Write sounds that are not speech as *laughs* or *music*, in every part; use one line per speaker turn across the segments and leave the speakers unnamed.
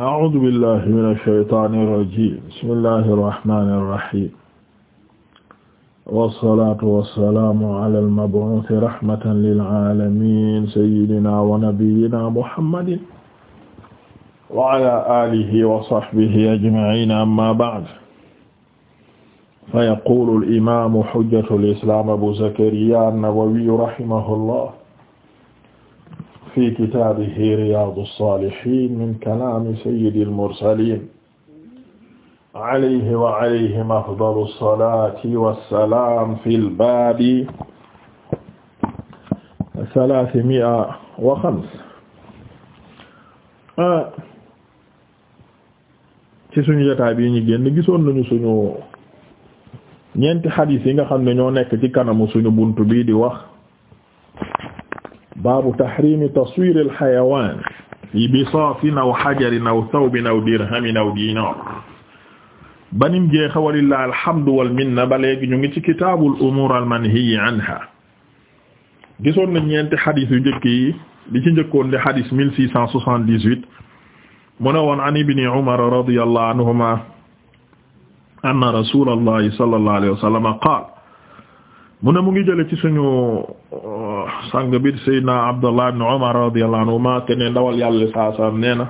أعوذ بالله من الشيطان الرجيم بسم الله الرحمن الرحيم والصلاة والسلام على المبعوث رحمة للعالمين سيدنا ونبينا محمد وعلى آله وصحبه أجمعين أما بعد فيقول الإمام حجة الإسلام أبو زكريا النووي رحمه الله fi kitaabihi riyaadu saalihiin min kalaami sayyidil mursaliin alayhi wa alayhim afdalu salaati wa salaam fil baabi salaasimi'a wa xams. Ah, ci suñu jotaay bi ñu génn gisoon nañu suñu ñeenti xadiis yi nga xam ne ñoo nekk ci kanamu suñu buntu bii di wax. baabu tahrimi taswir al xayawaan bi bisaatin aw xajarin aw thawbin aw dirhamin aw banim jeexe walillahi alhamdu wal minna ba léegi ñu ngi ci kitaabul al manhiyi anha gisoon nañ ñeenti xadis yu njëkk yi li ci di xadis mille six cent soixante-dix-huit mu ne anhuma anna rasulallahi sallallahu alayhi wa sallam mu ne mu ngi jële ci suñu uh, sang bi sayyidina Abdullah ibn Umar radiyallahu anhuma te ne ndawal yàlla saa saa nee na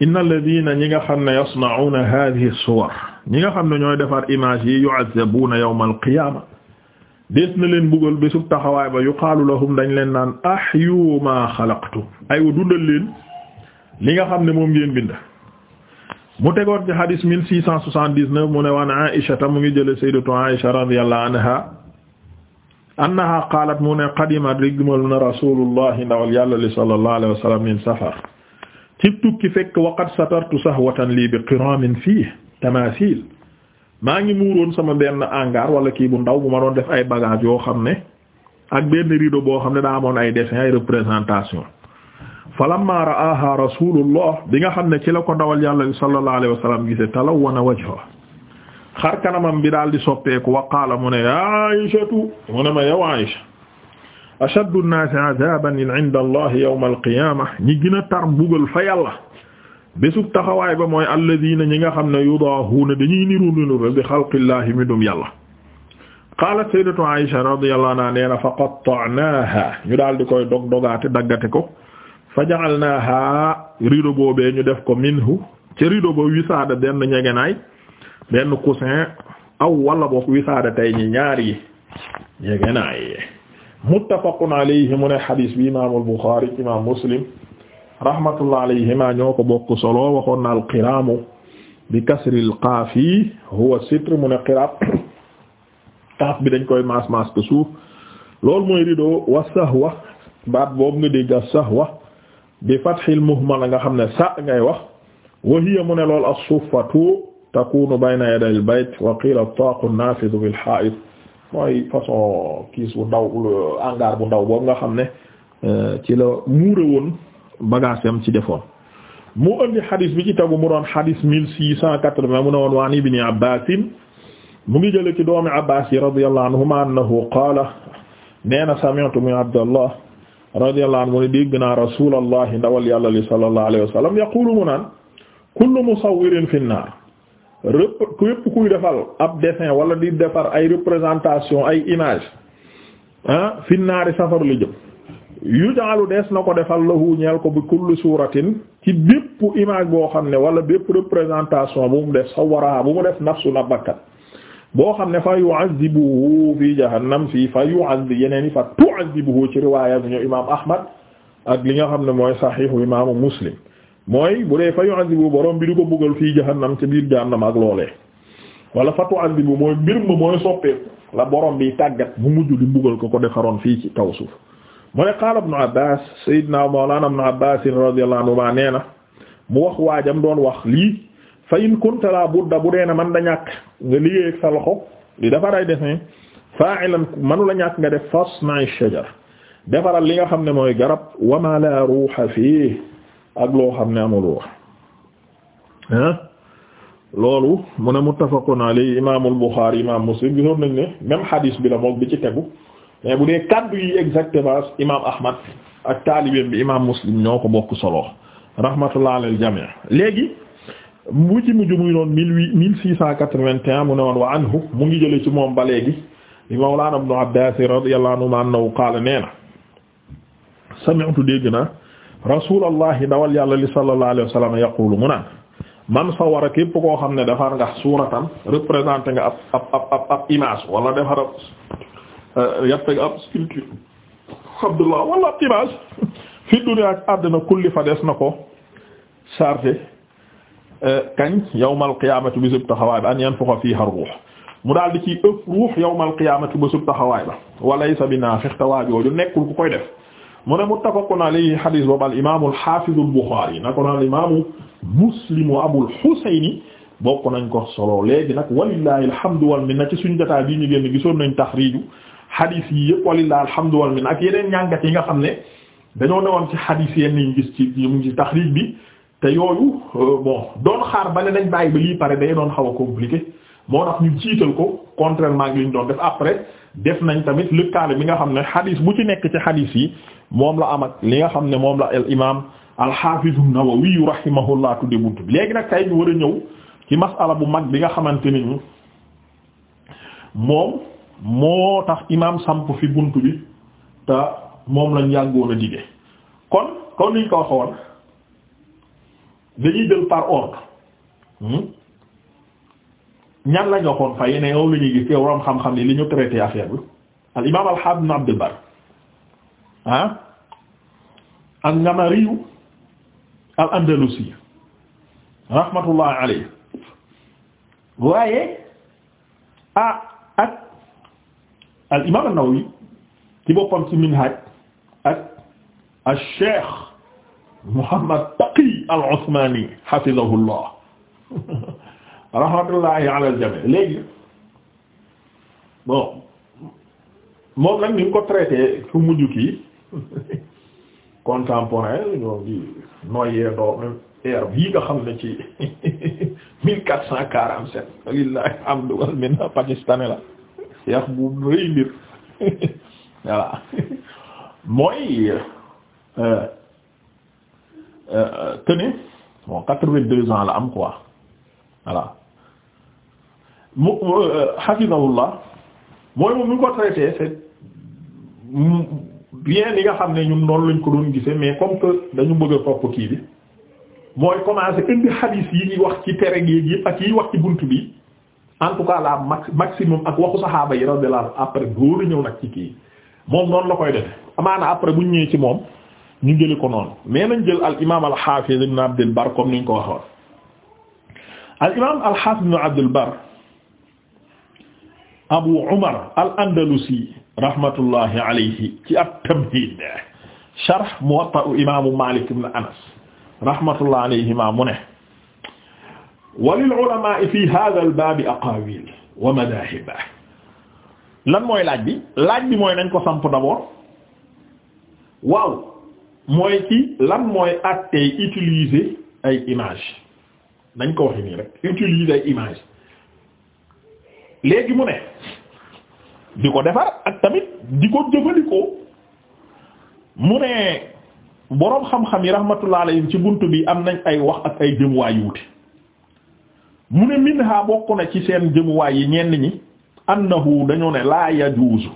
innal ladina ñi nga xam ne yasna'una hadhihi suwar ñi nga xam ne ñooy defar image yi yu'azzabuna yawm al-qiyama des na leen buggal bésub taxawaay ba yuqaalu lahum dañ leen naan ahyu ma xalaqtum ay wa dundal leen li nga xam ne moom ngeen bind mu tegoon ci hadis 1679 mu ne waan Aisha ta mu ngi jële sayyidatu Aisha radiyallahu anha annaha qaalat mu ne qadima rigmal na rasulullahi ndawal yàlla li sallallahu alayhi wa sallam min safar ci tukki fekk waqad satartu sahwatan lii bi qiramin fii tamasil maa ngi muuroon sama benn hangar wala kii bu ndaw bu ma doon def ay bagage yoo xam ne ak benn rideau boo xam ne daa amoon ay dessin ay représentation falamma ra'aha rasulullah bi nga xam ne ci la ko ndawal yàlla li sallallahu alayhi wa sallam gise talawwana wajha xar kanamam bi daal di soppeeku wa qaala mu ne ya Aysatu ma yow Aysa ashaddu nnaasi adaban inda allah yawma ñi gën tar mbugal fa yàlla bésub taxawaay ba mooy alladina ñi nga xam ne yudaahuuna dañuy niru niru bi xalqillaahi mi dum yàlla qaalat sayyidatu Aysa radiyallahu anha nee na fa qatta'naaha ñu daal di koy dog dogaate daggate ko fa ja'alnaaha rido boobee ñu def ko minhu ca rido ba wisaada benn ñegenaay benn coussin aw wala bokk wisaada tay ñi ñaar yi yéegee naa yi muttafaqun alayhi mu ne xadiis bi imaamul Buxaari imaam Muslim rahmatullah alayhima ñoo ko bokk solo waxoon na alqiraamu bi kasril qaafi huwa sitr mu ne qiraam kaaf bi dañ koy maas maas ko suuf loolu mooy rido wa sahwa baat boobu nga dégg sahwa bi fathil muhmala nga xam ne sa ngay wax wa hiya mu ne lool as takunu bayna yaday al bayt wa qila at-taqu an mu bil ha'id ndaw hangar nga xam ne euh, ci la muure yam ci defoon mu indi xadis bi ci tagu mu doon xadis mille six cent quatre-vingt mu ne waan ibni abbasin mu ngi jële ci doomi abbas yi radiyallahu anhuma annahu na sami'tu min abdallah radiyallahu anhu mu ne dégg li sallallahu alayhi wa sallam yaqulu mu naan kullu musawwirin fi nnar rep képp kuy defal ab dessin wala di defar ay représentation ay image ah fi naari safar la jëm yu jaalu des na ko defal la ñeel ko bi kulli suuratin ci bépp image boo xam ne wala bépp représentation bu mu def sa waraa bu mu def nafsu na bakkat boo xam ne fa yu'azibuhu fi jahannam fii fa yu'azib yeneen yi fa tu'azibuhu ci riwaaya bi ñu imam ahmad ak li nga xam ne mooy saxiixu imaamu muslim mooy bu dee fa yu'adhibu borom bi du ko buggal fii jahannam ca biir jahannam ak loole wala fa tu'adhibu mooy mbir ma mooy soppeeku la boroom bi tàggat mu mujj di buggal ko ko defaroon fii ci kaw suuf mu ne qaala ibnu abbas sayyidna mawlana ibnu abbas radiyallahu anhuma nee na mu wax waajam doon wax lii fa in kunta la budda bu dee na man da ñàkk nga liggéey ak sa loxo li dafa day def fa'ilan manu la ñàkk nga def fasna'i shajar defaral li nga xam ne mooy garab wa ma la ak loo xam ne amul wax hein loolu mu ne muttafaqun alayhi imaamul Buxaari imaam Muslim gisoon nañ ne même hadis bi la mook bi ci tegu mais bu dee kaddu yi exactement imaam Ahmad ak taalibeem bi imaam Muslim ñoo ko bokk solo rahmatullah alal jamii léegi mu ci mujj muy noonu mille huit mille mu ne woon wa anhu mu ngi jële ci moom ba léegi di mawlaana ibnu Abbaas radiyallahu anhu annahu qaala nee na sami'tu dégg naa rasulallahi dawal yàlla li sallallahu alayhi salaam sallam yaqulu mu naan man sawara képp koo xam ne defar nga suuratan représenté nga ab ab ab ab ab image wala defar ab euh, yatta nga ab sculpture *laughs* fi dunya àddina kulli fa des na ko chargé euh, kañ yawmal qiyaamati bisub taxawaay ba an yanfuxa fiiha ruux mu daal di ciy ëpp ruux yawmal qiyaamati bisub taxawaay ba walaysa bi naafiq te waajooju nekkul ku koy def mu ne muttafaqun alayhi hadis boobu al imaamu al xaafizu al buxaari na ko naan al imaamu muslim wa abul xusayni bokk nañ ko solo léegi nag walillahi alhamdu wal minna ci suñu jotaay bii ñu génn gisoon nañ taxriiju hadis yi yëpp walillahi alhamdu wal minna ak yeneen ñàngat yi nga xam ne dañoo newoon ci yi ñu gis ci yi mu ci taxriij bi te yooyu euh, bon doon xaar ba ne nañ bàyyi ba lii pare day doon xaw a compliqué. moo tax ñu jiital ko contrairement ak ñu doon def après def nañ tamit lu lëkkaale bi nga xam ne xadis bu ci nekk ci xadis yi moom la am ak li nga xam ne moom la al imaam al-Hafiz an-Nawawi rahimahullah tudde buntu bi léegi nag tey ñu war a ñëw ci masala bu mag bi nga xamante ni ñu moom moo tax imaam samp fi buntu bi te moom lañ yàggoon a dige kon kon liñ ko waxoon dañuy jël par ordre. Hmm? ñan lañ la koon fay ne yow li ñuy gis ñu traité affaire al imam al-Hafiz ibn Abd ah al namari al-Andalusi rahmatullahi alayhi waaye ah al imam an-Nawawi ci boppam ci Minhaj ak al-Cheikh Muhammad Taqi al-Usmani hafizahullah *laughs* rahmatullahi ala jami léegi bon moom ni mu ko traité su mujj ki *laughs* contemporain ñoo ngi noyyee doo même nga xam ne ci *laughs* mille quatre cent quarante sept walillahi alhamdu wal minna pakistanais la yax bu rëy mbir *laughs* mooy euh, euh, euh, que bon quatre-vingt-deux ans la am quoi voilà mu euh, hafizahullah mooy moom ñu ko traité bien li nga xam ne ñun noonu lañ ko doon gisee mais comme que dañu bëgg a topp kii bi mooy commencer indi hadith yi wax ci tere gi yëpp ak yi wax ci bunt bi en tout cas la maximum ak waxu saxaaba yi radiyallahu après loolu ñëw nag ci kii moom noonu la koy defe amaana après buñ ñëwee ci moom ñu jëli ko noonu mais nañ jël al imaam al xaafiz ibn Abdul Bar comme ni ñu ko wax al imaam al xaafiz ibn Abdul Bar abu umar al andalusi rahmatullahi alayhi ci at-tamhid sharh muwatta imaamu malik ibn anas rahmatullahi alayhima mu ne wa lil ulama'i fi hadha al bab aqawil wa madahib lan mooy laaj bi laaj bi mooy nañ ko samp d'abord waaw mooy ci lan mooy attey utiliser ay image nañ ko waxi nii rek utiliser ay image léegi mu ne di ko defar ak tamit di ko jëfandikoo mu ne boroom xam-xam yi rahmatullah alayhim ci bunt bi am nañ ay wax ak ay jëmuwaay yu wuute mu ne minha bokk na ci seen jëmuwaay yi ñenn ñi annahu dañoo ne la yajuuzu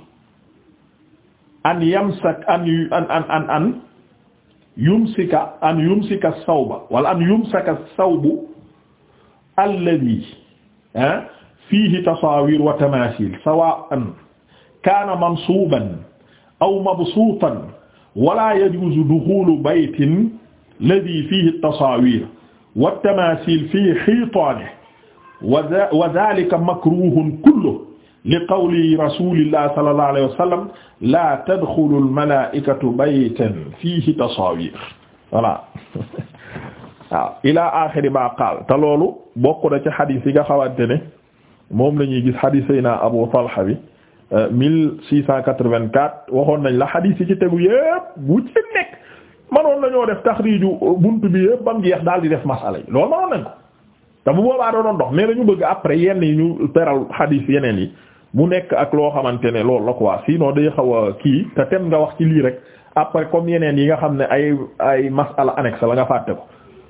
an yamsak an an an an an yumsika an yumsika sawba wala an yumsaka sawbu alladhi ah fiihi tasawir wa tamasil sawa'an kaana mansuban aw mabsuutan wala yajuuzu duxulu baytin ladii fiihi tasawir wa tamasil fii xiitaane wa zaalika makruuhun kulluhu li qawli rasuulillah sallallahu alayhi wa sallam laa tadxulul malaa'ikatu baytan fiihi tasaawiir voilà *laughs* waaw ilaa aaxiri maa qaal te loolu bokk na ci xadiis yi nga xamante ne. moom la ñuy gis hadith sayna Abu Talha bi 1684 euh, waxoon nañ la hadith yi ci tegu yépp bu ci nekk manoon nañoo def taxriiju buntu bi yépp ba mu jeex daal di def masala yi loolu manoon nañ ko te bu boobaa doonoon dox mais dañu bëgg après yenn yi ñu teral hadith yeneen yi mu nekk ak loo xamante ne loolu la quoi sinon day xaw a kii te tem nga wax ci lii rek après comme yeneen yi nga xam ne ay ay masala annexe la nga fàtte ko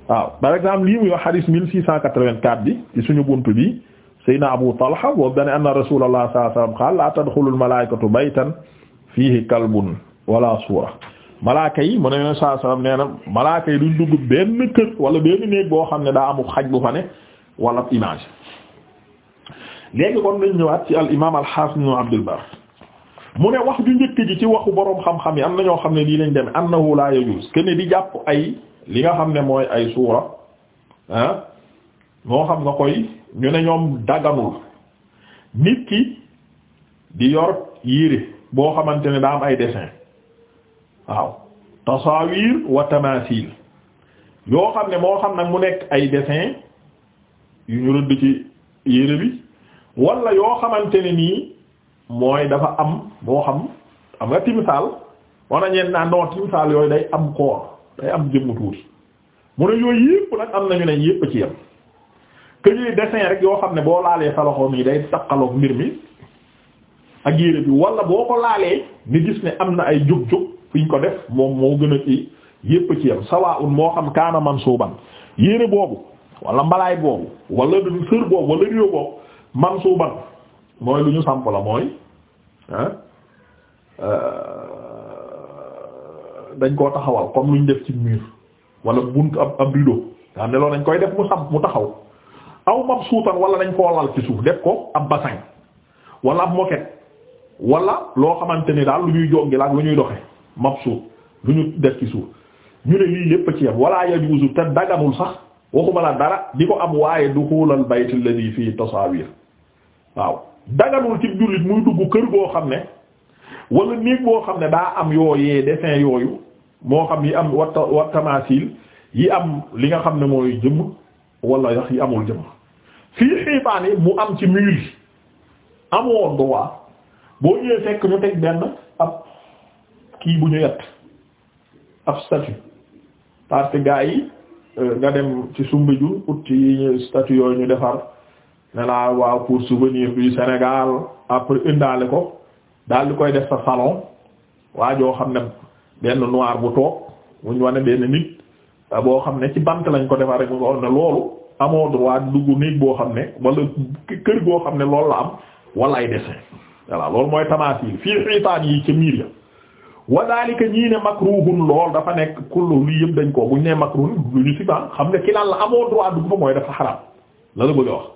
waaw par exemple lii muy wax hadith 1684 bi suñu buntu bi. Seydina Abu Talha boobu dane anna Rasulullah sallallahu alayhi wasallam qaala laa tadxulul malaa'ikatu baytan wala suura malaaka mu ne yoneen saa sallam nee na malaaka yi duñ dugg benn kër wala benn néeg boo xam ne daa amul xaj bu fa ne wala image léegi kon nañ ñëwaat ci al imaam al xaafis ibn Abdul mu ne wax ju njëkk ji ci waxu boroom xam-xam yi am na ñoo xam ne lii lañ demee annahu laa yajuuz kenn di jàpp ay li nga xam ne mooy ay suura ah moo xam nga koy ñu ne ñoom daganul nit ki di yor yére boo xamante ne daa am ay dessin waaw tasawir wa tamasil yoo xam ne moo xam nag mu nekk ay dessin yu ñu rëdd ci yére bi wala yoo xamante ne nii mooy dafa am boo xam am nga timsaal wana ñeen naa non timsaal yooyu day am koor day am jëmm tuuti mu ne yooyu yépp nag am nañu ne yépp ci yam que ñuy dessin rek yoo xam ne boo laalee sa loxo mi day taqaloog mbir mi ak yére bi wala boo ko laalee nga gis ne am na ay jug-jug fiñ ko def moom moo gën a ci yépp ci yam sawaa'un moo xam kaana mansuuban yére boobu wala mbalaay boobu wala du sër boobu wala réew boobu mansuuban mooy lu ñu samp la mooy euh, dañ koo taxawal comme lu ñu def ci mur wala bunt ab ab rideau nga xam ne koy def mu samp mu taxaw aw mabsuutan wala dañ koo lal ci suuf def ko ab bassin wala ab moquette wala loo xamante ni daal lu ñuy jongi la ak lu ñuy doxe mabsuut lu ñu def ci suuf ñu ne lii lépp ci yam wala yajuuzu te daganul sax waxuma la dara di ko am waaye duxulal bayt alladhi fii tasawir waaw daganul ci jullit muy dugg kër goo xam ne wala néeg boo xam ne daa am yooyee dessin yooyu moo xam yi am wat tamasil yi am li nga xam ne mooy jëmm wala yax yi amul jëm fii xiibaan yi mu am ci mur yi amoon droit boo ñëwee fekk ñu teg benn ab kii bu ñu yett ab statue parce que yi euh, nga dem ci Soumbédioune ut ci statue yooyu ñu defar ne waaw pour souvenir du Sénégal après indaale ko daal di koy def sa salon waa joo xam ne benn noir bu toog muñ wane benn nit boo xam ne ci bant lañ ko defar rek mu nga xam ne loolu amoo droit dugg néeg boo xam ne wala kër goo xam ne loolu la am wala ay dessin voilà loolu mooy tamasil fii xiitaan yi ca miir ñii ne makruhun nekk kullu dañ koo buñ xam nga ki amoo droit dugg fa mooy dafa xaraam la la bëgg a wax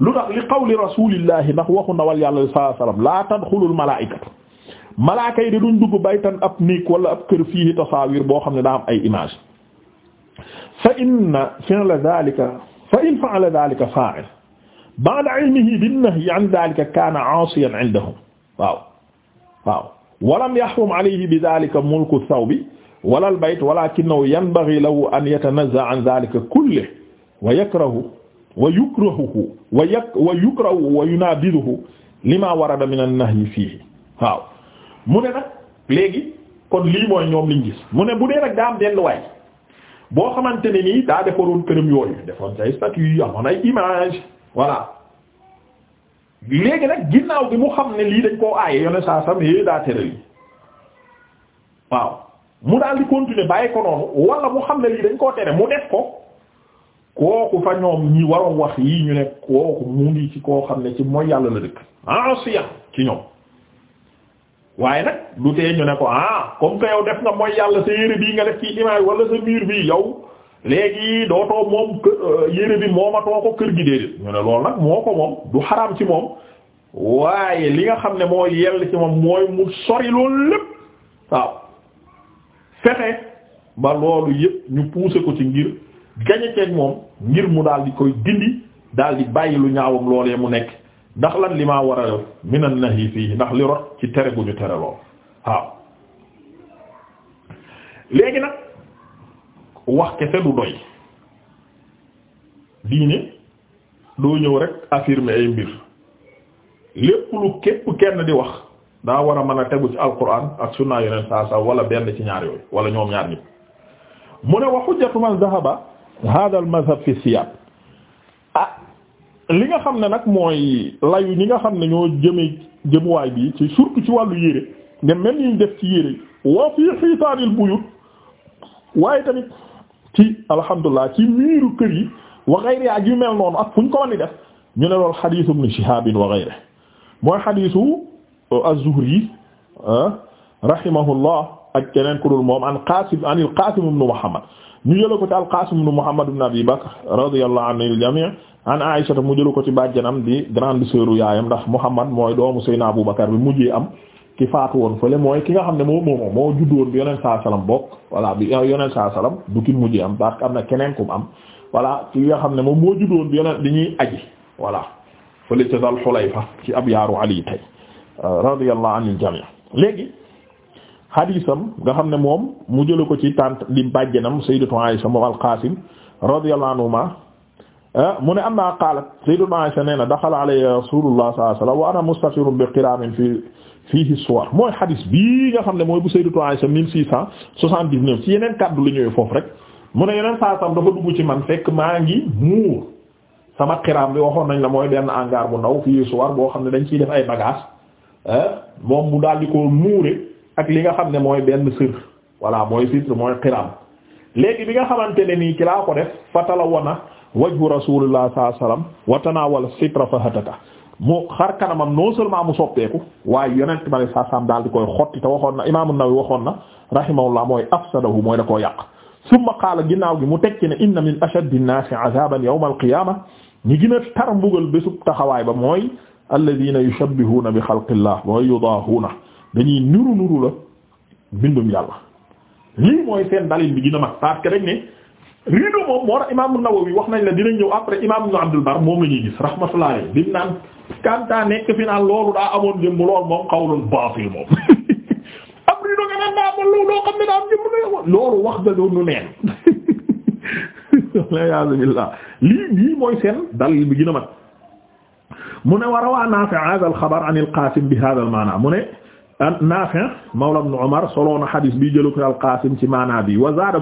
lu tax li qawli rasulillahi ndax waxu ndawal yàlla sallallahu alayhi wasallam la tadxulul malaa'ikatu malaaka yi de duñ dugg baytan ab néeg wala ab kër fii tasawir boo xam ne daa am ay image fa inna fi'la dhalika fa in fa'ala dhalika fa'il ba'da 'ilmihi bin-nahyi 'an dhalika kana 'asiyan 'indahum waaw waaw wa lam yahrum 'alayhi bi dhalika mulku ath-thawbi wala al-bayt walakinahu yanbaghi lahu an yatanazza'a 'an dhalika kullihi wa yakrahu wa yukrahuhu wa yak wa yukrahu wa yunabiduhu lima warada min an-nahyi fiihi waaw mu ne nag léegi kon lii mooy ñoom liñ gis mu ne bu dee nag daa am delluwaay boo xamante ne nii daa defaroon këram yooyu defoon say statut yi amoon ay image voilà léegi nag ginnaaw bi mu xam ne lii dañ koo aaye yone saa sam é eh, daa tere lii waaw mu daal di continuer bàyyi ko noonu wala mu xam ne lii dañ koo tere mu def ko kooku fa ñoom ñi waroon wax yi ñu ne kooku mu ngi ci koo xam ne ci mooy yàlla la dëkk asiya ci ñoom waaye nag du tee ñu ne ko ah comme que yow def nga mooy yàlla sa yére bii nga def ci image wala sa miir bii yow léegi dootoo moom euh, yére bi moomatoo ko kër gi déedéet ñu ne loolu nag moo ko moom du xaraam ci moom waaye li nga xam ne moo yell ci moom mooy mu sori loolu lépp waaw fexe ba loolu yépp ñu pousser ko ci ngir gañe ceeg moom ngir mu daal di koy dindi daal di bàyyi lu ñaawam loolee mu nekk ndax lan li maa war a def min an-nahi fii ndax li rot ci tere gu ñu tere lool waaw léegi nag wax kese du doy diine doo ñëw rek affirmer ay mbir lépp lu képp kenn di wax daa war a mën a tegu ci alquran ak sunna yeneen saa saa wala benn ci ñaar yooyu wala ñoom ñaar ñëpp mu ne wa hujjatu man dhahaba hadha fi siyab li nga xam ne nag mooy layu ñi nga xam ne ñoo jëmee jëmuwaay bi ci surtout ci wàllu yére nga mel ni ñu def ci yére waa fii xiitaanil buyut waaye tamit ci alhamdulilah ci miiru kër yi wa ghayri ak yu mel noonu ak fu ñu ko mën a def ñu ne loolu xadiisu ibn Shihaab wa ghayri mooy xadiisu euh, az-Zuhri euh, rahimahullah ak keneen ku dul moom an Qaasim anil Qaasim ibn Muhammad ñu jëlee ko ci al Qaasim ibn Muhammad ibn Abi Bakr radiyallahu anil jamii an Aisha mu jëlu ko ci bàjjanam di grande sœuru yaayam ndax Muhammad mooy doomu Seydina Abu Bakar bi mujjee am ki faatu woon fële mooy ki nga xam ne moo moomoo moo juddu woon bi yoneen saa salaam bokk voilà bi yoneen saa salaam du ki am parce na keneen kum am voilà nga xam ne moom moo juddu woon bi di ñuy aji voilà fële ca Dal Xulayfa ci ab yaaru Ali tay radiyallahu anil jami' léegi xadiisam nga xam ne moom mu jëlu ko ci tànt di bàjjanam Sayyidatu Aisha moom al Qaasim radiyallahu anhuma Ah mu ne am naa qaalat sayyidatu Aisha nee na daxala alayya rasulullah sallallahu alayhi wasallam wa ana mustatirun bi qiraamin fii fiihi suwar mooy xadis bii nga xam ne mooy bu sayyidatu Aisha 1679 ci yeneen kàddu lu ñëwee foofu rek mu ne yeneen saa sam dafa duggu ci man fekk maa ngi muur sama qiraam bi waxoon nañ la mooy benn hangar bu ndaw fii suwar boo xam ne dañ ciy def ay bagages ah moom mu daal di ko muure ak li nga xam ne mooy benn sër voilà mooy sitre mooy qiraam léegi bi nga xamante ne nii ci ko def fatala wana wajhu rasulillah sallallahu alayhi wasallam wa tanawala sitra fa hataka mu xar kanamam non seulement mu soppeeku waaye yonent ma ne saa saam daal di koy xotti te waxoon na imaamu Nawawi waxoon na rahimahullah mooy afsadahu mooy da koo yàq summa qaala ginnaaw gi mu tekki ne inna min ashaddi nnaasi azaban yawma alqiyama ñi gën a tar mbugal bésub taxawaay ba mooy alladina yushabbihuna bi xalqillah mooy yudaahuna dañuy nuru nuru la bindum yàlla lii mooy seen dalil a mag parce que dañ rido moom moo tax imaamu Nawawi wax nañ la dina ñëw après imam Ibn Abdul Bar moom la ñuy gis rahmatullah bi mu naan kanta nekk fi naan daa amoon jëmm lool moom qawlul baatil moom am *laughs* rido nga naan daa amoon loolu loo xam daa am jëmm wax da doon nu neen *laughs* waliyasu lii lii mooy seen dalil bi a mat mu ne wa rawaa Naafi' hadha al-xabar an al-Qaasim bi hadha al-maana mu ne Naafi' mawla ibn Umar soloona xadis bi jëlu ko al-Qaasim ci maana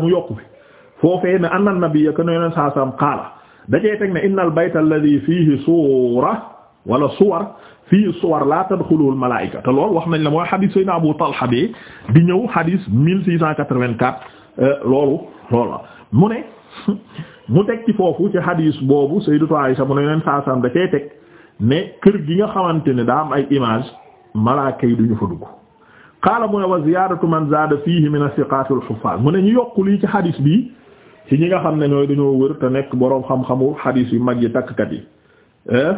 mu yokku foofee ne anna nabiyya ko ka saa saam qaala dajee teg ne innal bayta alladhi fiihi suura wala suwar fii suwar la tadxulul malaa'ika te loolu wax nañ la mooy xadiis Seydina Abu Talha bi di ñëw xadiis 1684 euh, loolu loolu la mu ne *laughs* mu teg ci foofu ci xadiis boobu Sayyidatu Aisha mu ne yoneen saa saam da cee ne kër gi nga xamante ne daa am ay image malaaka yi duñu fa dugg qaala mu ne wa ziyaadatu man zaada fiihi mina siqaatil huffaaz mu ne ñu yokk lii ci xadiis bi ci ñi nga xam ne ñooy dañoo wër te nekk boroom xam-xamu xadiis yu mag yi takkkat yi eh?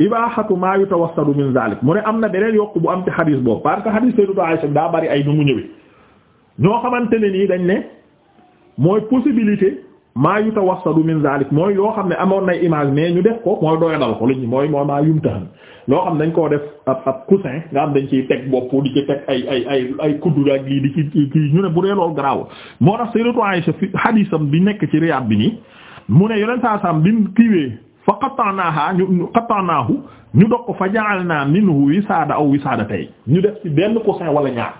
ibaaxatu maa yutawassadu min zalik mu ne am na beneen yokk bu am ci xadiis boobu parce que xadiis Sayyidatu Aisha daa bari ay nu mu ñëwee ñoo xamante ne nii dañ ne mooy possibilité maa yutawassalu min zalik mooy yoo xam ne amoon nay image mais ñu def ko mooy doyadal ko liñ mooy mooy maa yumtahan loo xam ne dañ koo def ab ab coussin nga xam dañ ciy teg bopp di ci teg ay ay ay kuddu ak gii di ci ñu ne bu dee loolu garaaw moo tax Sayyidatu Aisha fi hadisam bi nekk ci Riyad bi nii mu ne yeneen saa saam bi mu kiiwee fa qata'naha ñu qata'nahu ñu dog ko fa ja'alna minhu wisaada aw tey ñu def ci benn coussin wala ñaar.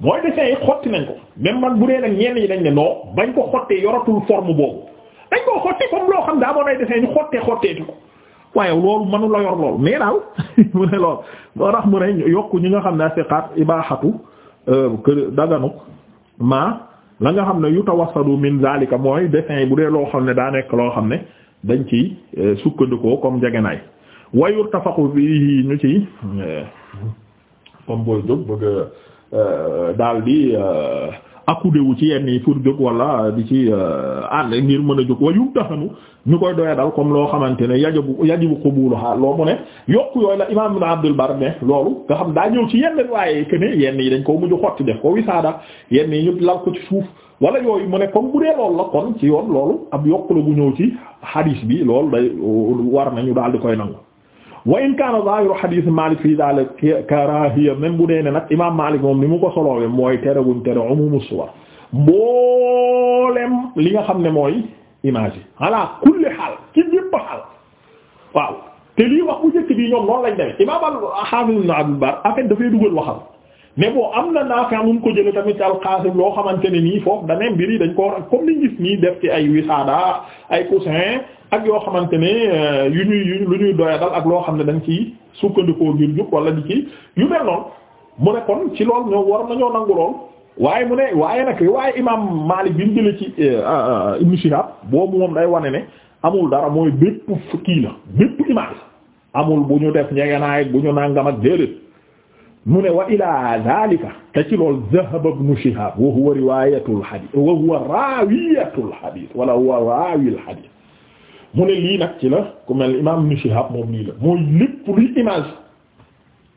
mooy dessins yi xotti nañ ko même man bu dee nag ñenn yi dañ ne non bañ ko xottee yoratul forme boobu dañ koo xotti comme loo xam daa boon ay dessins ñu xottee xotteeti ko waaye loolu mënu yor loolu mais *laughs* mu ne lool moo tax mu ne yokk ñi nga xam ne asiqat ibaaxatu euh, kër daganu ma la nga xam ne yu tawassadu min zalika mooy dessin yi bu dee loo xam ne daa nekk loo xam ne dañ ci euh, sukkandikoo comme jegenaay wayur tafaqu bi ñu ci euh, comme booy jóg bëgg Euh, daal di euh, accoudé wu ci yenn yi pour jóg wala di ci euh, ànd ngir mën a jóg wa yum taxanu ñu koy doya dal comme loo xamante ne yajibu yajibu xubulu xaa loo mu ne yokk yooyu la imam ibn Abdul Bar ne loolu nga xam daa ñëw ci yenn waaye que yenn yi dañ ko mujj xotti def ko wisaada yenn yi ñu lal ko ci suuf wala yooyu mu ne comme bu dee loolu la kon ci yoon loolu ab yokk la bu ñëw ci hadis bi loolu day war nañu daal di koy nangu wa in kaana zaahiru hadiis Maalik fii zaalika karaahiya même bu dee ne nag imaam Maalik moom ni mu ko soloowe mooy tere guñ tere umumu suwar mboolem li nga xam ne mooy image yi kulli xaal ci bépp xaal waaw te lii wax bu njëkk bi ñoom noonu lañ demee imaam al-Haafiz ibn Abdul Barr en fait dafay dugal waxam mais bon am na Naafi' amuñ ko jëlee tamit al-Qaasim loo xamante ne nii foofu da ne mbir yi dañ ko war comme def ci ay wisaada ay coussin ak yoo xamante ne euh, yu ñuy yu lu ñuy doyadal ak loo xam ne dañ ci sukkandikoo ngir jub wala di ci yu mel noonu mu ne kon ci lool ñoo war nañoo nangu lool waaye mu ne waaye nag waaye imaam Maalik bi mu jëlee ci euh, euh, Ibn Shihab boobu moom day wane ne amul dara mooy bépp kii la bépp imaam amul bu ñu def ñegenaay bu ñu nàngam ak déedéet mu ne wa ila zalika te ci lool dhahaba Ibn Shihab wa huwa riwayatul hadith wa huwa rawiyatul hadith wala mu ne lii nag ci la ku mel imam Ibn Shihab moom lii la mooy lépp luy image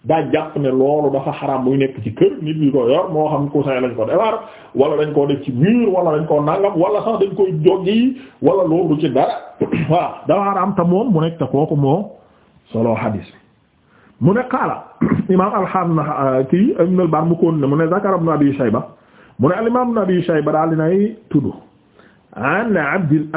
daa jàpp ne loolu dafa xaram muy nekk ci kër nit ñi ko yor moo xam coussin lañ ko defar wala dañ koo def ci mur wala dañ koo nangam wala sax dañ koy joggi wala loolu ci dara *coughs* waaw dafa xaram te moom mu nekk te kooku moo solo hadis mu ne qaala *coughs* imam euh, al-Bar mu koon ne Abi Shayba mu ne al imam Abi Shayba daal dinay tudd an Abdil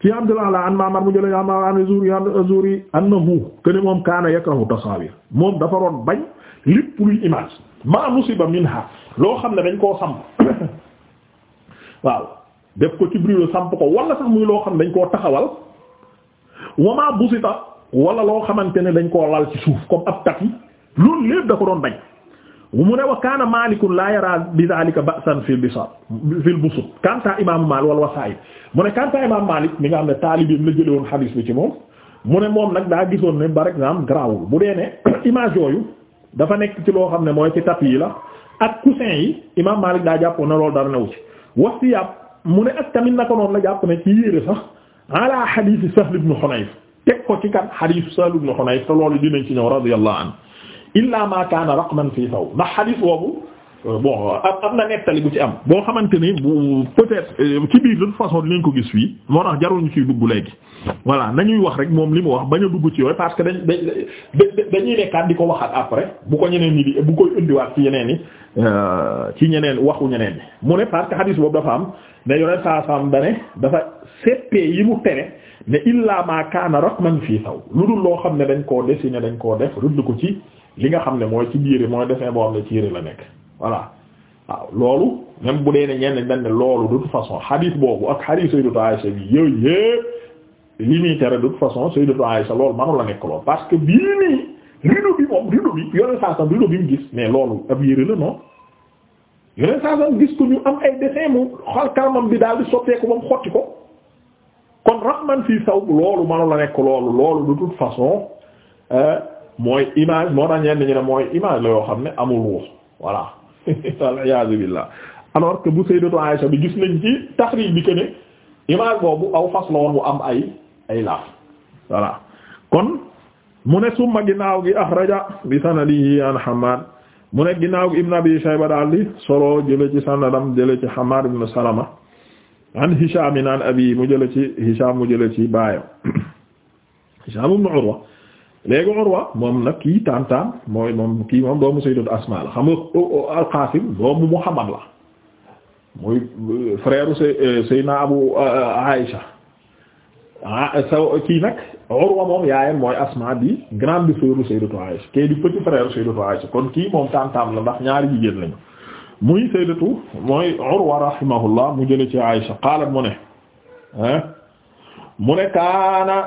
ci Abdullah an Ma'mar mu jëlee Ma'mar an Zuhri an Zuhri annahu kaana moom kaana yakrahu tasawir moom dafa doon bañ lépp luy image ma nusiba minha loo xam ne dañ koo samp *coughs* waaw def ko ci brûler samp ko wala sax muy loo xam ne dañ koo taxawal wa busita wala loo xamante ne dañ koo lal ci suuf comme ab tapis loolu lépp da ko doon bañ. mu ne wa kaana maalikun laa yara bi daalika ba'san fil bisaat fil busut kanta imaamu maalik wal wasaa'id mu ne kanta imaamu maalik mi nga xam ne taalibeem la jëlee woon xadiis bi ci moom mu ne moom nag daa gisoon ne par exemple garaawul bu dee ne *clears throat* image yooyu dafa nekk ci loo xam ne mooy ci tapis yi la ak coussin yi imaamu maalik daa jàppoon ne loolu dara newu ci wax ci yàpp mu ne ak tamit naka noonu la jàpp ne ci yére sax ala xadiisi Sahl ibn Hunayf teg ko ci kan xadiisu Sahl ibn Hunayf te loolu dinañ ci ñëw radiyallahu anhu illa ma kaana raqman fii saw ndax xadis boobu bon am na nettali bu ci am boo xamante ni bu peut-être euh, ci biir de toute façon dinañ ko gis fii moo tax jarul ñu ciy dugg léegi na ñuy wax rek moom li mu wax bañ dugg ci yooyu parce que dañ dañuy nekkaat di ko waxaat après bu ko ñeneen ñi di bu koy indiwaat ci yeneen yi euh, ci ñeneen waxu ñeneen ñi mu ne parce que hadis boobu dafa am ne yoneen saa sam dane dafa seppee yi mu tere ne illa ma kaana raqman fii saw lu loo xam ne dañ koo dessiné dañ koo def rëdd ko ci li nga xam ne mooy ci biir mooy dessin boo xam ne ci yére la nekk voilà waaw loolu même bu dee ne ñenn dañ ne loolu de toute façon hadith boobu ak hadith Sayyidatu Aisha bi yooyu yëpp li muy tere de toute façon Sayyidatu Aisha loolu manu la nekk lool parce que bii rido bi moom rido bi yoneen saa sam mu gis loolu ab yére ko ñu am ay dessin mu xal karamam bi daal di sotteeku ba mu xotti ko kon raxman fii saw loolu manu la nekk loolu loolu de toute façon euh, mooy image moo tax ñenn ñi ne mooy image yoo xam ne amul ruux voilà wal iyaazu billah alors que bi gis nañ bi que ne aw fas am ay ay laaf voilà kon mu ne summa ginnaaw gi axraja bi sanadihi an Hammad mu ne ginnaaw gi ibn Abi Shayba daal di solo jële ci sanadam jële ci Hammad ibn Salama an Hisham an abi mu jële ci Hisham mu jële ci baayam *coughs* Hisham ibn léegi Urwa moom nag kii taam-taam mooy moom kii moom doomu Sayyidatu Asmaa la xam nga al-Qaasim doomu la muy euh, frère euh, Sayyidina Abu euh, Aïcha ah sa kii nag Urwa moom yaayam mooy Asmaa bi grande sœur Sayyidatu Aïcha kii di petit frère Sayyidatu Aïcha kon kii moom taam-taam la ndax ñaari jigéen lañu muy Sayyidatu mooy Urwa rahimahullah mu jële ci Aïcha qaalat mu ne mu ne kaana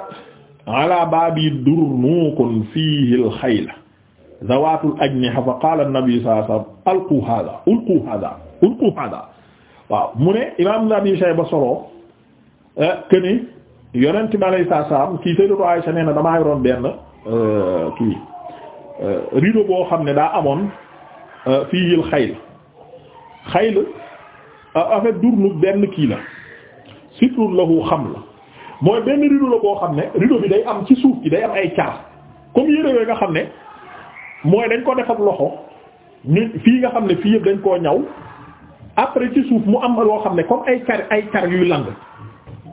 ala baabi durnuukun fiihi al-xayl zawaatul ajniha fa qaala an-nabi sallallahu alayhi wa sallam alqu haaza ulqu haaza ulqu haaza waaw mu ne imaam Ibn Abi Shayba solo këni eh, yonent bi alayhi salaam kii Sayyidatu Aisha nee na damaa yoroon benn eh, kii eh, rido boo xam ne daa amoon fiihi al-xayl xayl en fait durnu benn kii la sitrun lahu xam la mooy benn rideau la boo xam ne rideau bi day am ci suuf bi day am ay caas comme yére yooyu nga xam ne mooy dañ ko def ak loxo ñu fii nga xam ne fii yëpp dañ koo ñaw après ci suuf mu am loo xam ne comme ay car ay car yuy lang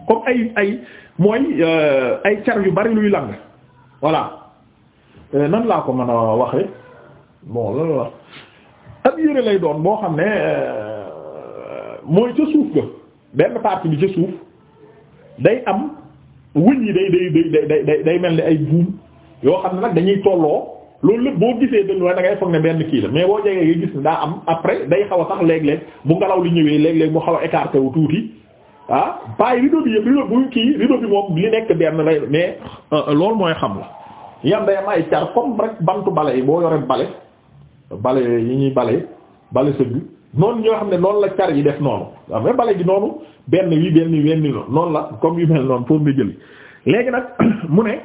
comme ay ay mooy euh, ay yu bari luy lang voilà euh, nan laa ko mën a waxee bon loolu la ab yére lay doon boo xam ne euh, mooy ca suuf ga benn partie bi ca suuf day am wëñ yi day day day day day mel ni ay buum yoo xam ne nag dañuy tolloo loolu lépp boo gisee dënnu waaye da ngay foog ne benn kii la mais boo jegee nga gis ne daa am après day xaw a sax léeg-léeg bu ngelaw li ñëwee léeg-léeg mu xaw a écarté wu tuuti ah bàyyi rideau bi yëpp rideau bu kii rideau bi moom li nekk benn lay mais euh, loolu mooy xam la yam day am ay car comme rek bantu bale yi boo yore bale bale yi ñuy bale bale sëgg noonu ñoo xam ne noonu la car yi def noonu amee bale gi noonu benn wi benn wi benn noonu la comme yu mel noonu foofu nga jëli léegi nag *clears throat* mu ne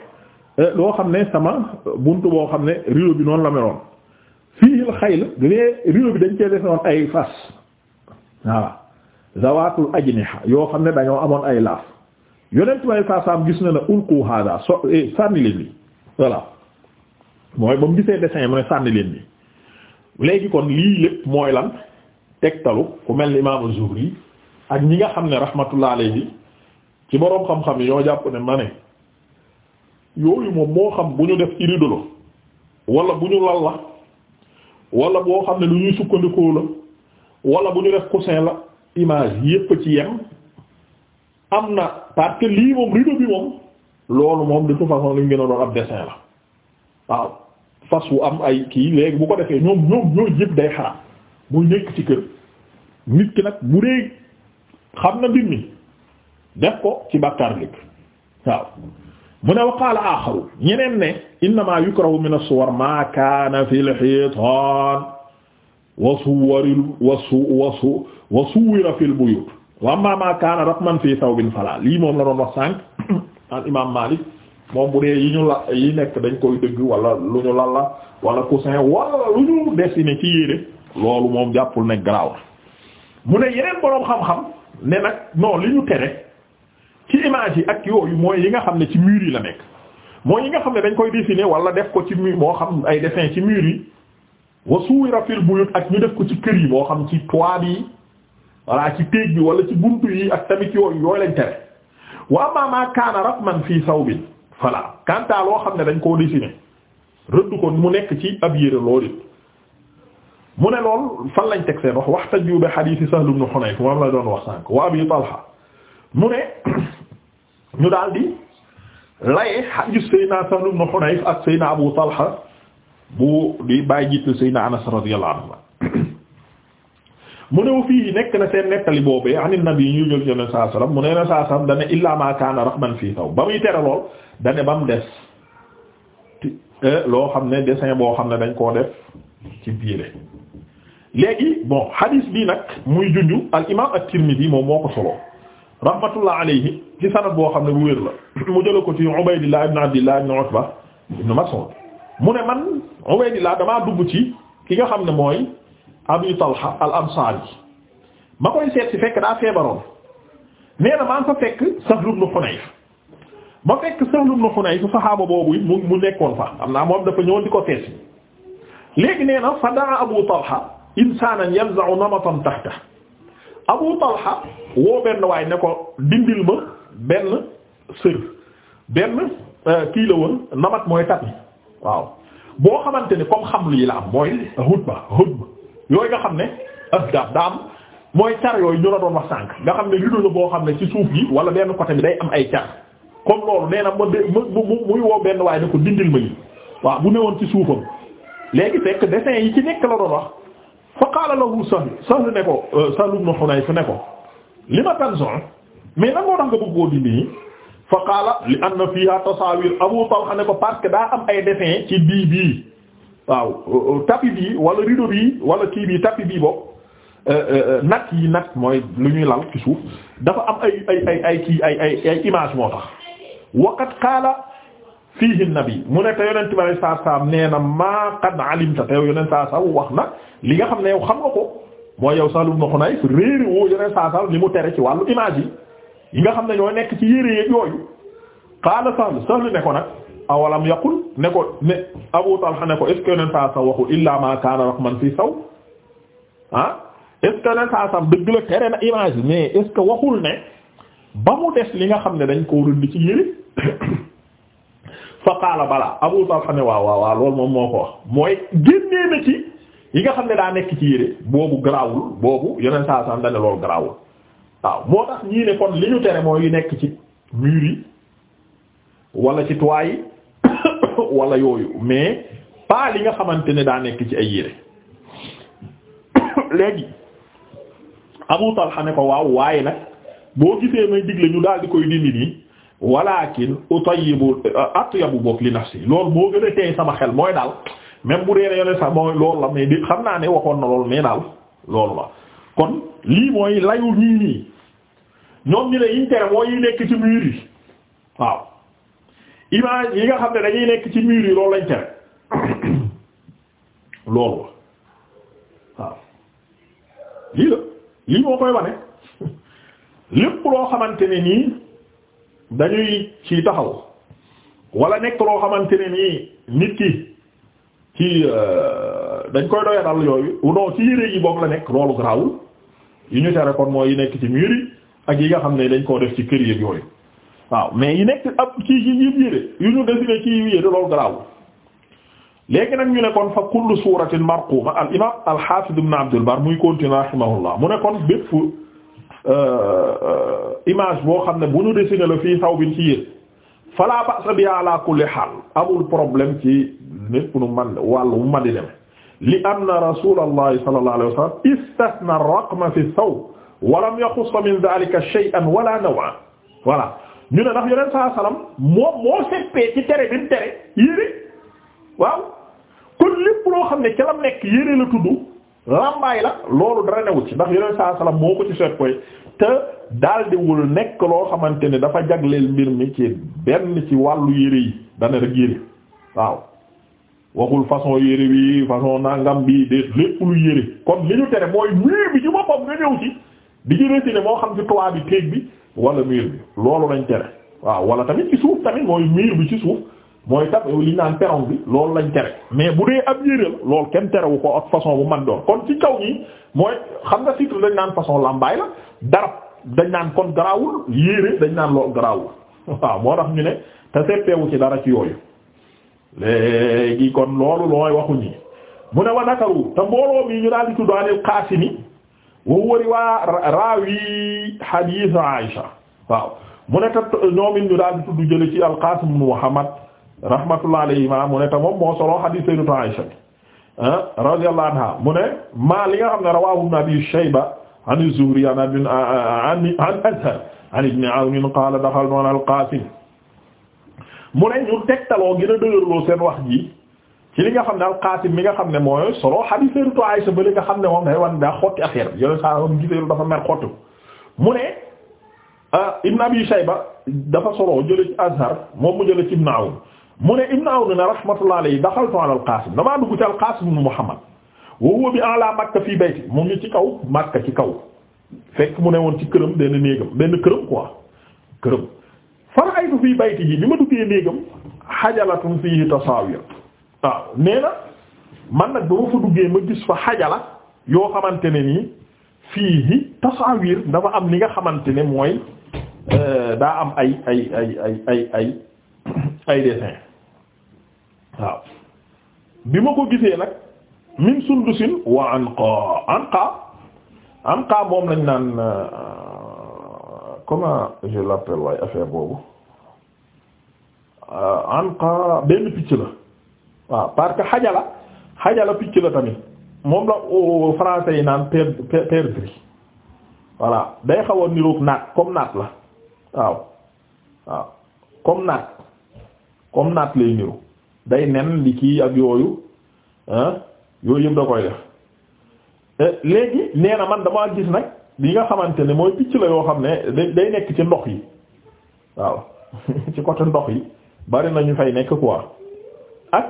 euh, loo xam ne sama bunt boo xam ne rideau bi noonu la meloon fii il xayl ne rideau bi dañ cee def noonu ay fas voilà zawatul ajniha yoo xam ne dañoo amoon ay laaf yonent way fasaam gis na ne ulqu hada so eh, sànni leen bi voilà mooy ba mu gisee dessin mu ne sànni leen bi léegi kon lii lépp mooy lan tegtalu ku mel ni imaamu Zuhri ak ñi nga xam ne rahmatullah alayhi ci boroom xam-xam yi ñoo jàpp ne ma ne yooyu moom moo xam bu ñu def irido la wala bu ñu lal la wala boo xam ne lu ñuy sukkandikoo la wala bu ñu def coussin la image yépp ci yem am na parce que lii moom rido bi moom loolu moom de toute façon lu ñu gën a la waaw fas wu am ay kii léegi bu ko defee ñoom ñoom ñooy yëpp day xaram muy nekk ci kër nit ki nag bu dee xam na mbir def ko ci bàkkaar lépp waaw mu ne wa aaxaru ñeneen ne innamaa yukrahu min as-suwar maa kaana fi al-hiitaan wa suwaril wa su wa su wa suwira fi al-buyuut wa ammaa maa kaana ratman fii thawbin falaa lii moom la doon wax sànq *coughs* al imaam Maalik moom bu dee yi ñu la yi nekk dañ koy dëgg wala lu ñu lal la wala coussin lu ñu dessiné ci yére loolu moom jàppul ne garaaw mu ne yeneen boroom xam-xam ne nag non li ñu tere ci image yi ak yooyu mooy yi nga xam ne ci mur yi la nekk mooy yi nga xam ne dañ koy dessiner wala def ko ci mur moo xam ay dessin ci mur yi wa suwira fil buyut ak ñu def ko ci kër yi moo xam ci toit bi wala ci téeg bi wala ci buntu yi ak tamit yooyu yooyu lañ tere wa amma ma kaana rasman fii sawbin fala kanta loo xam ne dañ koo dessiner rëdd ko mu nekk ci ab yére loolu mu ne lool fan lañ teg seen wax waxtaju bi xadiisi Sahl ibn Hunayf moom la doon wax sànq wa Abi Talha mu ne *coughs* ñu daal di laye xadiis Seydina Sahl ibn Hunayf ak Seydina Abu Talha bu di bàyyi jiitu Seydina Anas radiyallahu anhu *coughs* mu ne fii nekk na seen nettali boobee an nabi ñu jël jël saa salaam mu ne na saa salaam dane illaa ma kaana raxman fii saw ba muy tere lool dane ba mu des eh, loo xam ne dessin boo xam ne dañ koo def ci biire léegi bon hadis bi nag muy junju al imaam at-Tirmidhi moom moo ko solo rahmatullah alayhi ci sanad boo xam ne bu wér la mu jëla ko ci Ubaydillah ibn Abdillah ibn Utba ibn Mas'ud mu ne man Ubaydillah dugg ci ki nga xam ne mooy Abi Talha al-Ansari ma koy seet si fekk daa feebaroon nee na maa ngi fa fekk Sahl ibn Hunayf ma fekk Sahl ibn Hunayf saxaaba boobu mu mu nekkoon fa am naa moom dafa ñëwoon di ko seet si léegi nee na fa Abu Talha insaanan yanza'u namatan tahta Abu Talha woo benn waay ne ko dindil ma benn sër benn euh, kii la woon namat mooy tat waaw boo xamante ni comme xam lii la am mooy hutba hutba yooyu nga xam ne ahdaab daa mooy car yooyu ñu la doon wax sànq nga xam ne rido la boo xam ne ci suuf yi wala benn côté bi day am ay car comme loolu nee na ma de muy woo benn waaye ne ko dindil ma lii waaw bu newoon ci suufam léegi fekk dessin yi ci nekk la doon wax fa qaala lahu Sahl Sahl ne ko euh, Sahl ibn Hunayf ne ko li ma tanzon mais nan moo tax nga bëgg koo dindi nii fa qaala li anna fiha tasawir Abu Talha ne ko parce que daa am ay dessin ci bii bii waaw euh, euh, tapis bii wala rideau bii wala kii bii tapis bii bopp nat yi nag mooy lu ñuy lal ci suuf dafa am ay ay ay ay kii ay ay ay image moo tax waqat qaala fiihi nabi mu ne te yonent bi alayhi salaatu salaam nee na maa qad alimta te yow yonent saa wax na li nga xam ne yow xam nga ko mooy yow Sahl ibn Hunayf réeri mu tere ci wàllu image yi nga xam ne ñoo nekk ci yére yeeg yooyu qaala Sahl Sahl ne ko nag awalam yaqul ne ko ne Abu Talha ne ko est ce que yonent saa salaam waxul ah, dëgg la tere na image mais est waxul ne ba mu des li nga xam ne dañ koo rënd ci yére fa qaala balaa Abu Talha ne waaw waaw loolu moom moo ko wax mooy génnee na ci yi nga xam ne daa nekk ci yére boobu garaawul boobu yeneen saa sàn dane loolu garaawul waaw moo tax ñii ne kon li ñu tere mooy yu nekk ci mur yi wala ci toit yi *coughs* wala yooyu mais pas li nga xamante ne daa nekk ci ay yére *coughs* léegi Abu Talha ne ko waaw waaye nag boo gisee may digle ñu daal di koy dindi nii walakin utayibu uh, atyabu bokk li nafsi lool moo gën a teey sama xel mooy daal même bu dee yone sax mooy loolu la mais di xam naa ne waxoon na loolu mais daal lool la kon lii mooy layu nii nii ñoom ñu ne yiñ tere mooy yi nekk ci miir yi waaw image yi nga xam ne dañuy nekk ci mur yi loolu lañ tere *coughs* loolu la waaw lii la lii moo koy wane *coughs* lépp loo xamante ne nii dañuy ci taxaw wala nekk loo xamante ne nii nit ki ci euh, dañ koy doya dal yooyu non ci yére yi boog la nekk loolu garaawul yu ñu tere kon mooy yi nekk ci mur yi ak yi nga xam ne dañ koo def ci kër yëg yooyu waaw mais yi nekk ab yu ñu dessiné ci yib yére loolu garaawul léegi nag ñu nekkoon kon fa kullu suratin marquma al imam al hafiz ibn abdul bar muy continuer rahimahullah mu ne kon bépp Euh, image boo xam ne bu ñu dessiné fii saw bin ci fala ba'sa bi ala kulli haal amul problème ci lépp nu man wàll man di dem li anna rasulallahi sallallahu alayhi wa sallam istathna ar-raqma fi ath-thawb wala naw'an voilà ñu ne ndax yeneen saa salaam moom moo seppee ci tere bi mu tere yére waaw kon lépp loo ne ca la nekk lambaay la loolu dara newul ci ndax yeneen saa salaam moo ko ci seet koy te daldiwul nekk loo xamante ne dafa jagleel mbir mi ci benn ci wàllu yére yi dana rek yére waaw waxul façon yére bi façon nangam bi de lépp lu yére kon li ñu tere mooy mur bi ci boppam nga ñëw ci di ci dessiné moo xam ci toit bi téeg bi wala mur bi loolu lañ tere waaw wala tamit ci suuf tamit mooy mur bi ci suuf mooy tab li naan perron bi loolu lañ tere mais bu dee ab yéréel loolu kenn terewu ko ak façon bu man doon kon ci kaw gi mooy xam nga sitre dañ naan façon lambaay la darab dañ naan kon garaawul yére dañ naan lool garaawul *laughs* waaw moo tax ñu ne te setteewu ci dara ci yooyu léegi kon loolu looy waxuñi mu ne wa nakaru te mbooloo mi ñu daal di tuddaaneel Qaasimi wa wari waa raawi hadiis Aisha waaw mu ne te ñoomin ñu daal di tudd jële ci al Qaasim ibn rahmatullah alayhi ma mu ne te moom moo solo hadith sayyidatu Aisha ah, radiyallahu anha mu ne maa li nga xam ne rawahu ibn Abi Shayba an an Azhar an ibn Awn qaala daxalnaa ala al-Qaasim mu ne ñu tegtaloo gën a dëgërloo seen wax ji ci li nga xam ne al-Qaasim mi nga xam ne mooy solo hadith sayyidatu Aisha ba li nga xam ne moom day wan daa xotti affaire bi yoneen saa moom giseelu dafa mer xottu mu ne ah, ibn Abi Shayba dafa solo jële Azhar moom mu ne Ibn Awn na rahmatullahi alayhi daxaltu ala qaasim damaa dugg ci al-Qaasim ibn Muhammad wa huwa bi a'la Makka fii bayti mu ngi ci kaw Makka ci kaw fekk mu ne woon ci këram benn néegam benn këram quoi këram fa ra'aytu fii bayti ji bi ma duggee néegam hajalatun fiihi tasawir waaw nee man nag ba ma fa duggee ma gis fa xajala yoo xamante ne nii fii tasawir dafa am li nga xamante ne mooy euh, daa am ay ay ay ay ay ay ay dessin waaw bi ma ko gisee nag min sundusin wa anqa anqa anqa moom lañ naan euh, comment je l'appelle waaye affaire boobu euh, anqa benn picc la waaw parce que xajala xajala picc la tamit moom la euh, français yi naan perdrix perdrix voilà day xaw a niroog naat comme naat la waaw waaw comme naat comme naat lay niru day nen li kii ak yooyu ah, yooyu yëpp da koy def eh, léegi nee na man damaa gis nag li nga xamante ne mooy picc la yoo xam ne day nekk ci ndox yi waaw *laughs* ci côté ndox yi bari nañu fay nekk quoi ak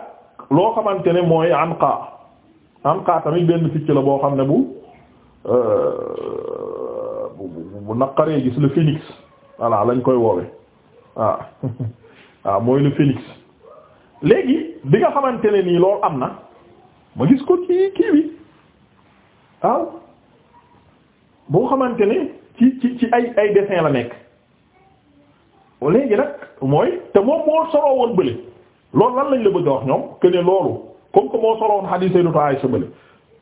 loo xamante ne mooy anqa anqa tamit benn picc la boo xam ne bu euh, bu naqaree gis le phénix voilà lañ koy woowe waaw *laughs* waaw mooy le phénix léegi bi nga xamante ne nii loolu am na ma gis ko ci boo xamante ne ci ci ci ay ay dessin la nekk léegi nag mooy te moom moo soroo woon bële loolu lan lañ la bëgg a wax ñoom que ne loolu comme que moo soroo woon xadiis Sayyidatu Aysa bële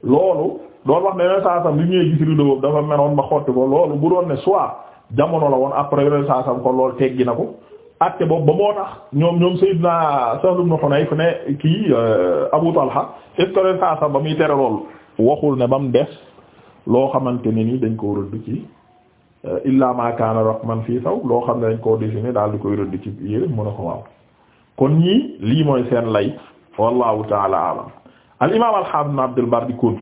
loolu doon wax ne yoneen saa sam li ñuy gis rido boobu dafa menoon ma xotti ko loolu bu doon ne soit jamono la woon après yoneen saa sam ko loolu teggi na ko àtte boobu ba moo tax ñoom ñoom Seydina Sahl ibn Hunayf ne kii euh, Abu Talha est-ce que ba muy tere loolu waxul ne ba mu des loo xamante ne ni dañ koo rëdd ci euh, illa ma kaana raqman fii saw loo xam ne dañ koo désigné daal di koy rëdd ci yére mën a ko waaw kon ñii lii mooy seen lay wallahu taala alam al imaam al haafid Abdul Barr di